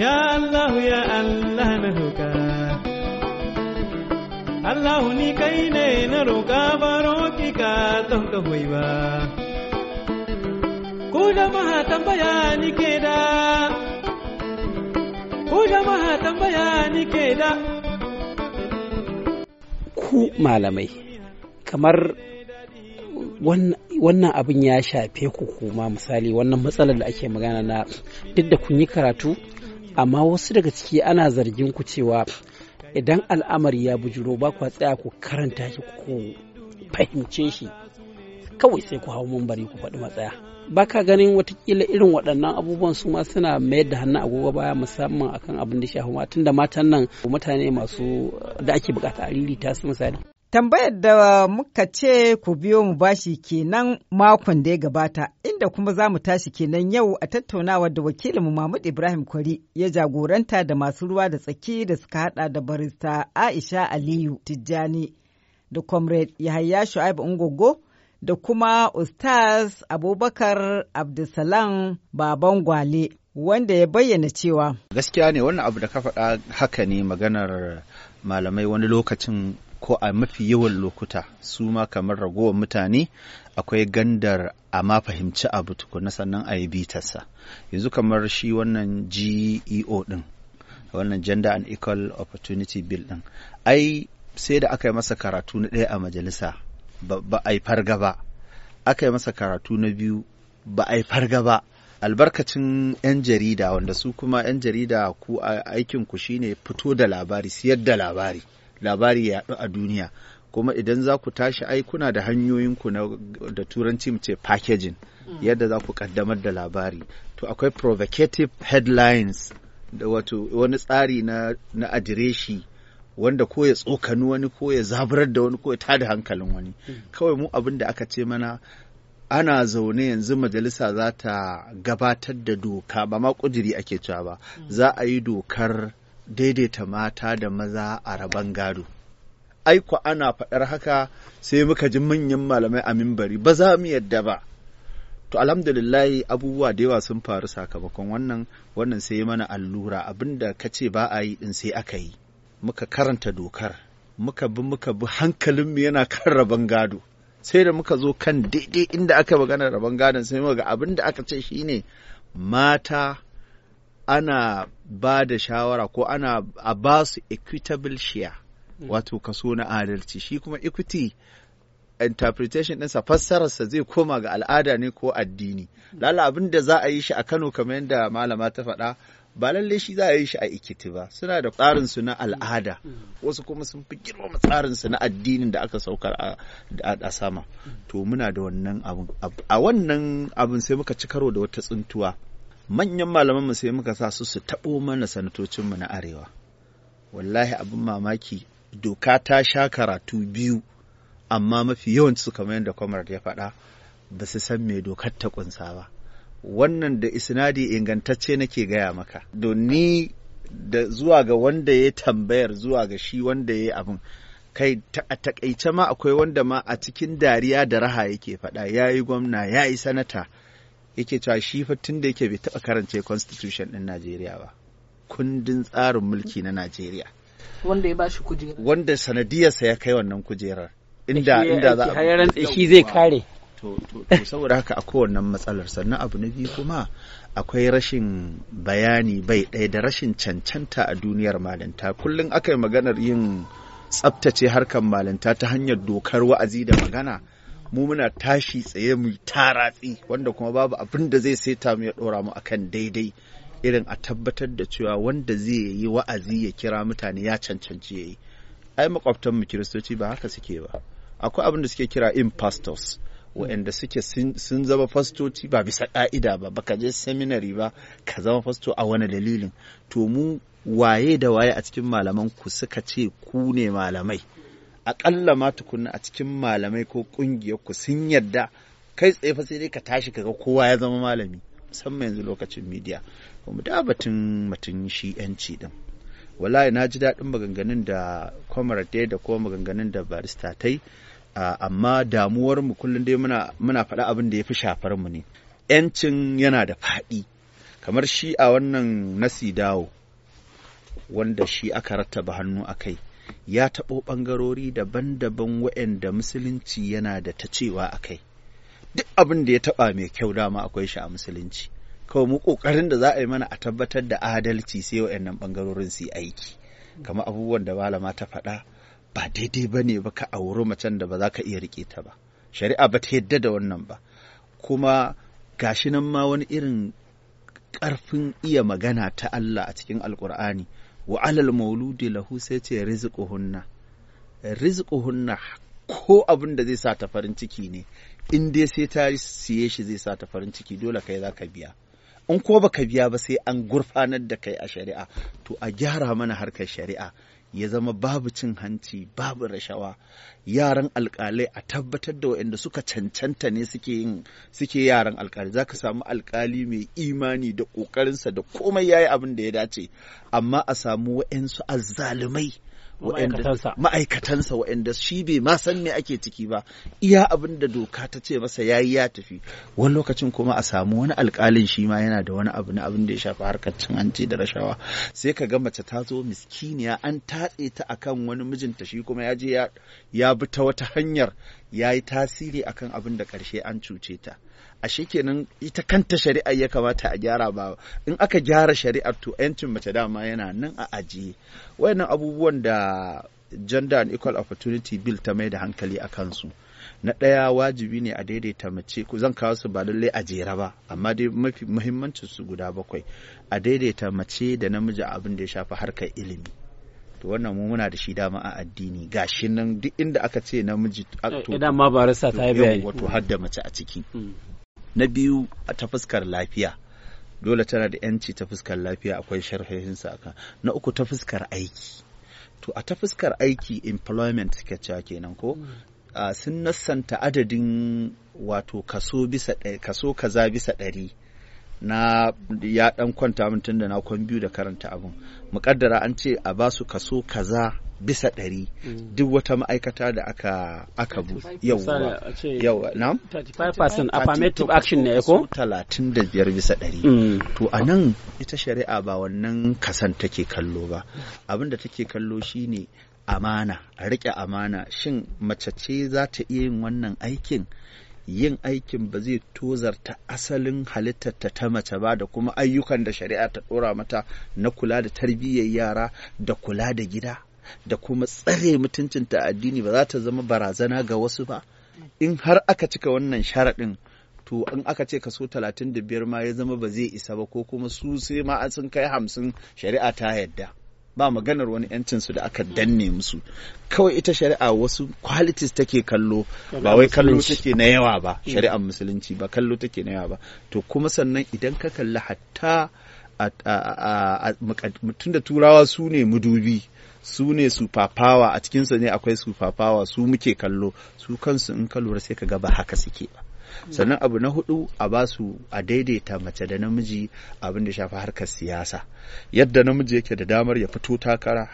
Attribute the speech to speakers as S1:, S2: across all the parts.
S1: Ya Allah ya Allah na Allah ni kai ne na roƙa baro ki ka ba Ku Ku malamai kamar wannan abin ya shafe ku kuma misali wannan matsalar da ake magana na duk da kun yi karatu amma wasu daga ciki ana zargin ku cewa idan al'amari ya bujuro ba ku tsaya ku karanta shi ku fahimce shi kawai sai ku hau mambari ku faɗi matsaya ba ka ganin watakila irin waɗannan abubuwan su ma suna mayar da hannu agogo baya musamman akan abin da shafi matan da matan nan mutane masu da ake bukata a ta su misali Tambayar da muka ce ku biyo mu bashi kenan makon da ya gabata, inda kuma za mu tashi kenan yau a tattaunawa da wakilinmu Mahmud Ibrahim Kwari ya jagoranta da masu ruwa da tsaki da suka hada da barista Aisha Aliyu Tijjani da Comrade Yahaya Shu'aibu Ungogo da kuma Ustaz Abubakar Abdulsalam Baban Gwale. wanda ya bayyana cewa
S2: gaskiya ne wannan abu da ka faɗa haka ne maganar malamai wani lokacin ko a mafi yawan lokuta su ma kamar ragowar mutane akwai gandar a ma fahimci abu tukuna sannan a yi bitarsa yanzu kamar shi wannan geo din wannan gender and equal opportunity bill din ai sai da aka yi masa karatu na ɗaya a majalisa ba a yi farga ba aka yi masa karatu na biyu ba a yi farga ba albarkacin 'yan jarida wanda su kuma 'yan jarida ku aikin ku shine fito da labari siyar da labari labari ya yaɗu a duniya kuma idan za ku tashi ai kuna da hanyoyinku na da turanci mu ce packaging mm. yadda za ku kaddamar da labari to akwai provocative headlines da wato wani tsari na, na adireshi wanda ko ya tsokani wani ko ya zaburar da wani ko ya tada hankalin wani mm. kawai mu abin da aka ce mana ana zaune yanzu majalisa za ta gabatar da doka ba ma kudiri ake cewa ba mm. za a yi dokar daidaita mata da maza a rabon gado aiko ana faɗar haka sai muka ji manyan malamai a mimbari ba za mu yadda ba to alhamdulillahi abubuwa da yawa sun faru sakamakon wannan wannan sai mana allura abinda ka ce ba a yi din sai aka yi muka karanta dokar muka bi muka bi hankalinmu yana kan rabon gado sai da muka zo kan daidai inda aka magana rabon gadon sai muka ga abin da aka ce shine mata ana ba da shawara ko ana a ba su equitable share mm. wato kaso na adalci shi kuma equity interpretation ɗinsa fassararsa zai koma ga al'ada ne ko addini mm. lala abin da za a yi shi a kano kamar yadda malama ta faɗa ba lalle shi za a yi shi a ikiti ba suna da tsarinsu na al'ada mm. wasu kuma sun fi girma tsarinsu na addinin da aka saukar a sama to muna da wannan abin a wannan abin sai muka ci karo da wata tsintuwa manyan malaman mu sai muka sa su su taɓo mana sanatocin mu na arewa wallahi abin mamaki doka ta sha karatu biyu amma mafi yawanci su kamar yadda kwamar ya faɗa ba su san me dokar ta kunsa ba wannan da isnadi ingantacce nake gaya maka ni da zuwa ga wanda ya tambayar zuwa ga shi wanda ya yi abin kai a taƙaice ma akwai wanda ma a cikin dariya da raha yake faɗa ya yi gwamna ya yi sanata yake cewa shi fa tun da yake bai taɓa karance constitution ɗin Najeriya ba kundin tsarin mulki na Najeriya
S1: wanda ya bashi kujera
S2: wanda sanadiyarsa ya kai wannan kujerar inda inda za a shi zai kare to saboda haka a kowannan matsalar sannan abu na biyu kuma akwai rashin bayani bai ɗaya da rashin cancanta a duniyar malinta kullum aka yi maganar yin tsabtace harkar malinta ta hanyar dokar wa'azi da magana mu muna tashi tsaye mu taratsi wanda kuma babu abin da zai saita mu ya dora mu akan daidai irin a tabbatar da cewa wanda zai yi wa'azi ya kira mutane ya cancanci yayi yi ai makwabtan mu kiristoci ba haka suke ba akwai abin da suke kira in impastors waɗanda suke sun zama fastoci ba bisa ƙa'ida ba baka je seminary ba ka zama fasto a wani dalilin to mu waye da waye a cikin malaman ku suka ce ku ne malamai aƙalla ma tukunna a cikin malamai ko ƙungiyar ku sun yarda kai tsaye fa sai dai ka tashi kaga kowa ya zama malami musamman yanzu lokacin midiya kuma da batun mutum shi yanci din wallahi na ji daɗin maganganun da Comrade da kuma maganganun da barista ta yi amma damuwar mu kullum dai muna faɗa abin da ya fi shafar mu ne yancin yana da faɗi kamar shi a wannan nasi dawo wanda shi aka rattaba hannu a kai ya taɓo ɓangarori daban-daban waɗanda musulunci yana da ta cewa a kai duk abin da ya taɓa mai kyau dama akwai shi a musulunci kawai mu ƙoƙarin da za a yi mana a tabbatar da adalci sai waɗannan ɓangarorin su yi aiki kamar abubuwan da malama ta faɗa ba daidai ba ne ba ka auri macen da ba za ka iya riƙe ta ba shari'a ba ta yadda da wannan ba kuma gashi nan ma wani irin ƙarfin iya magana ta Allah a cikin alkur'ani wa alal mauludi lahu sai ce rizquhunna hunna ko abin da zai sa ta farin ciki ne in dai sai ta siye shi zai sa ta farin ciki dole kai za ka biya in ko baka biya ba sai an gurfanar da kai a shari'a to a gyara mana harkar shari'a ya zama babu cin hanci babu rashawa yaran alkalai a tabbatar da waɗanda suka cancanta ne suke yin suke yaran za ka samu alkali mai imani da ƙoƙarinsa da komai yayi abin da ya dace amma a samu waɗansu azzalumai ma'aikatansa waɗanda shi bai ma san me ake ciki ba iya abin da doka ta ce masa yayi ya tafi wani lokacin kuma a samu wani alƙalin shi ma yana da wani abu na abin da ya shafi harkar cin hanci da rashawa sai ka ga mace ta zo miskiniya an tatse ta akan wani mijinta shi kuma ya je ya bi ta wata hanyar ya yi tasiri akan abin da karshe an cuce ta ashe kenan ita kanta shari'a ya kamata a gyara ba in aka gyara shari'ar to 'yancin mace dama yana nan a ajiye wayannan abubuwan da gender and equal opportunity bill ta mai da hankali a kansu na ɗaya wajibi ne a daidaita mace ku zan kawo su ba lallai a jera ba amma dai mafi muhimmancin su guda bakwai a daidaita mace da namiji abin da ya shafi harkar ilimi to wannan mu muna da shi dama a addini gashi nan duk inda aka ce namiji eh, to idan eh, ma barista ta yi bayani wato da mace a ciki mm. na biyu ta fuskar lafiya dole tana da yanci ta fuskar lafiya akwai sharhohinsa akan na uku ta fuskar aiki to a ta fuskar aiki employment suke cewa kenan ko mm. sun nassanta adadin wato kaso bisa kaso kaza bisa ɗari na ya dan kwanta min da na kwan biyu da karanta abun muƙaddara an ce a basu kaso kaza bisa ɗari mm. duk wata ma'aikata da aka aka bu yau
S1: na 35% affirmative
S2: action ne ko 35 bisa ɗari to a nan ita shari'a ba wannan kasan take kallo ba abinda take kallo shine amana a riƙe amana shin mace ce za ta iya yin wannan aikin yin aikin ba zai tozarta asalin halittarta ta mace ba da kuma ayyukan da shari'a ta ɗora mata na kula da tarbiyyar yara da kula da gida da kuma tsare mutuncinta a addini ba za ta zama barazana ga wasu ba in har aka cika wannan sharaɗin to in aka ce kaso talatin da biyar ma ya zama ba zai isa ba ko kuma su sai ma sun kai hamsin shari'a ta yadda ba maganar wani yancin su da aka danne musu kawai ita shari'a wasu qualities take kallo ba wai kallo take na yawa ba mm. shari'ar musulunci ba kallo take na yawa ba to kuma sannan idan ka kalli hatta mutum da turawa su ne mudubi su ne superpower a cikinsu ne akwai superpower su muke kallo su kansu in ka lura sai ka ga ba haka suke ba sannan abu na hudu a ba su a daidaita mace da namiji abin da shafi harkar siyasa yadda namiji yake da damar ya fito takara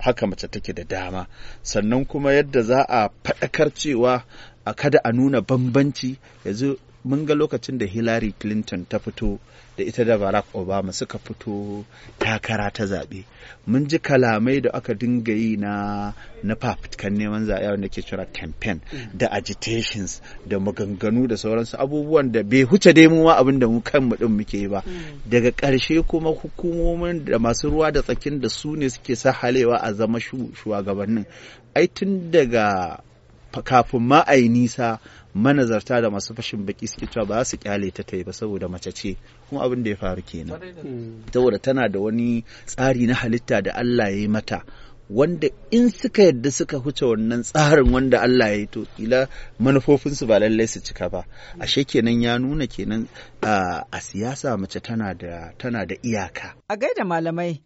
S2: haka mace take da dama sannan kuma yadda za a faɗakar cewa a kada a nuna bambanci yanzu mun ga lokacin da hillary clinton ta fito da ita da barack obama suka fito takara ta zaɓe mun ji kalamai da aka dinga yi na na fafitkan neman zaɓe wanda ke cura campaign da agitations da maganganu da sauransu abubuwan da bai huce dai mu ma abin da mu kanmu din muke ba mm. daga ƙarshe kuma hukumomin da masu ruwa da tsakin da su ne suke sahalewa a zama shugabannin ai tun daga kafin ma a yi nisa manazarta da masu fashin baki suke cewa ba su kyale ta ta yi ba saboda mace ce kuma abin da ya faru kenan
S1: hmm.
S2: saboda tana da wani tsari na halitta da Allah ya yi mata wanda in suka yadda suka huce wannan tsarin wanda Allah ya yi to ila manufofinsu ba lallai su cika ba ashe kenan ya nuna kenan ah, a siyasa mace tana da tana da iyaka
S1: a gaida malamai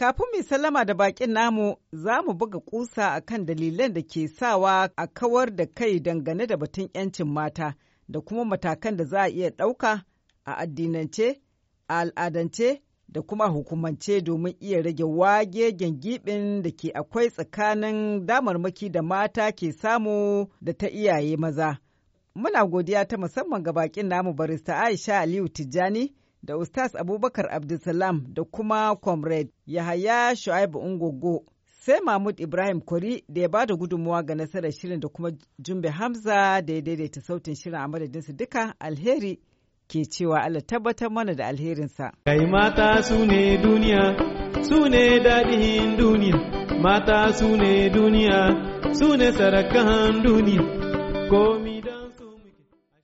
S1: Kafin mai sallama da bakin namu za mu buga kusa a kan dalilan da ke sawa a kawar da kai dangane da batun 'yancin mata da kuma matakan da za a iya ɗauka a addinance, a al'adance da kuma hukumance domin iya rage wage gyangibin da ke akwai tsakanin damarmaki da mata ke samu da ta iyaye maza. Muna godiya ta musamman ga bakin namu barista Aisha Aliyu Tijjani. da Ustaz Abubakar Abdulsalam da kuma Comrade Yahaya Shu'aibu Ungogo. Sai Mahmud Ibrahim Kori da ya ba da gudunmuwa ga nasarar shirin da kuma Jumbe Hamza da ya daidaita sautin shirin a madadinsu duka alheri ke cewa Allah tabbatar mana da alherinsa. Kai mata su ne duniya, su ne daɗin duniya, mata su ne duniya, su ne sarakan duniya, komi